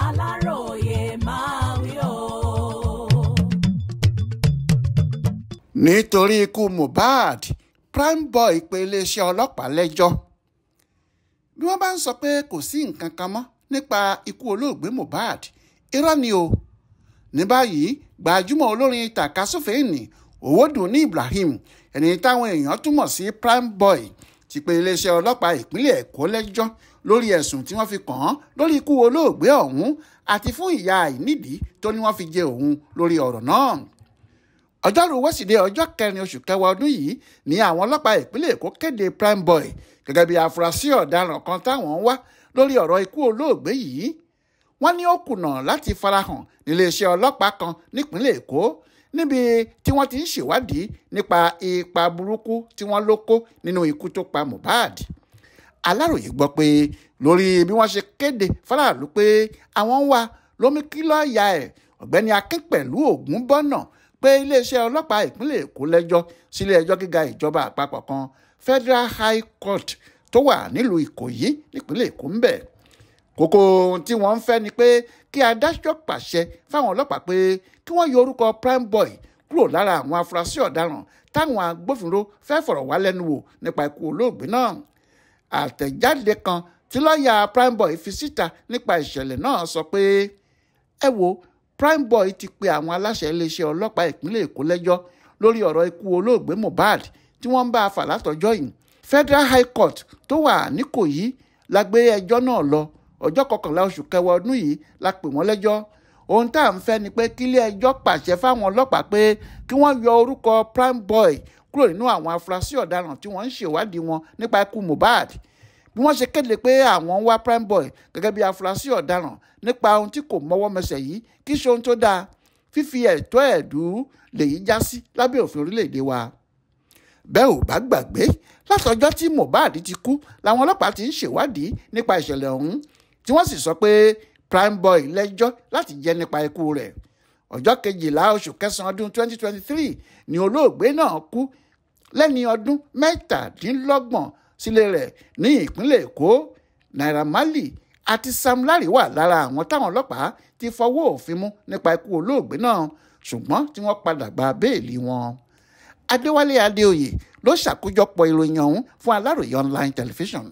aláròye máa wí o. nítorí ikú Mohbad prime boy pe iléeṣẹ́ ọlọ́pàá lẹ́jọ́ bí wọ́n bá ń sọ pé kò sí nǹkan kan mọ́ nípa ikú olóògbé Mohbad irọ́ ni o ní báyìí gbajúmọ̀ olórin tàkasúfèénì ní Ibrahim ẹni táwọn èèyàn túmọ̀ sí prime boy ti pé iléeṣẹ́ ọlọ́pàá ìpínlẹ̀ Èkó lẹ́jọ́ lórí ẹ̀sùn tí wọ́n fi kàn án lórí ikú olóògbé ọ̀hún àti fún ìyà àìnídìí tó ní wọ́n fi jẹ òun lórí ọ̀rọ̀ náà ọjọ́rú wẹ́sídẹ̀ẹ́ ọjọ́ kẹrin oṣù kẹwàá ọdún yìí ni àwọn ọlọ́pàá ìpínlẹ̀ Èkó kéde Prime Boy gẹ́gẹ́ bí afurasí ọ̀daràn kan táwọn ń wá lórí ọ̀rọ̀ ikú olóògbé yìí wọ́n ní ó kùnà láti farahàn níléeṣẹ́ ọlọ́pàá kan nípínlẹ̀ Èkó níbi tí wọ́n ti ń ṣèwádìí nípa ipa burúkú tí wọ́n ló kó nínú ikú tó pa Mohbad aláròye gbọ́ pé lórí bí wọ́n ṣe kéde faraàlú pé àwọn ń wa lómìkílọ́ọ̀yà ẹ̀ ọ̀gbẹ́ni akin pẹ̀lú ògúnbọ̀nà pé iléeṣẹ́ ọlọ́pàá ìpínlẹ̀ èkó lẹ́jọ́ sílé ẹjọ́ gíga ìjọba àpapọ̀ kan Federal High Court tó wà nílùú ìkòyí nípínlẹ̀ èkó ń bẹ̀ kókó ohun tí wọ́n ń fẹ́ ni pé kí adájọ́ pàṣẹ fáwọn ọlọ́pàá pé kí wọ́n yọ orúkọ prime boy kúrò lára àwọn afurasí ọ̀daràn táwọn agbófinró fẹ́ fọ̀rọ̀ wá lẹ́nu wò nípa ikú olóògbé náà àtẹ̀jáde kan tí lọ́ọ̀yà prime boy fi síta nípa ìṣẹ̀lẹ̀ náà sọ pé ẹ wo prime boy ti pe àwọn aláṣẹ iléeṣẹ́ ọlọ́pàá ìpínlẹ̀ èkó lẹ́jọ́ lórí ọ̀rọ̀ ikú olóògbé mohbad tí wọ́n ń bá a fà látọjọ́ yìí federal high court tó wà níkòyí la gbé ẹjọ́ náà lọ ọjọ́ kọkànlá oṣù kẹwàá ọdún yìí la pè wọ́n lẹ́jọ́ ohun tá à ń fẹ́ ni pé kílé ẹjọ́ pàṣẹ fáwọn ọlọ́pàá pé kí wọ́n yọ orúkọ prime boy kúrò nínú àwọn afurasí ọ̀daràn tí wọ́n ń ṣèwádìí wọn nípa ikú Mohbad bí wọ́n ṣe kéde pé àwọn wá prime boy gẹ́gẹ́ bí afurasí ọ̀daràn nípa ohun tí kò mọ́wọ́ mẹsẹ̀ yìí kì ṣe ohun tó dáa fífi ẹ̀tọ́ ẹ̀dú lèyí já sí lábẹ́ òfin orílẹ̀-èdè wa bẹ́ẹ̀ ò bá gbàgbé látọjọ́ tí Mohbad ti kú làwọn ọlọ́pàá ti ń ṣèwádìí nípa ìṣẹ̀lẹ̀ ọ̀hún tí wọ́n sì sọ pé Primeboy lẹ́jọ́ láti jẹ́ nípa ikú rẹ̀ ọjọ́ kejìlá oṣù kẹsàn-án ọdún 2023 ni olóògbé náà kú lẹ́ni ọdún mẹ́tàdínlọ́gbọ̀n sílé rẹ̀ ní ìpínlẹ̀ Èkó Naira Marley àti Sam Larry wà lára àwọn táwọn ọlọ́pàá ti fọwọ́ òfin mú nípa ikú olóògbé náà ṣùgbọ́n tí wọ́n padà gba béèlì wọn. Adéwálé Adéoyè ló ṣàkójọpọ̀ ìròyìn ọ̀hún fún Aláròyé online television.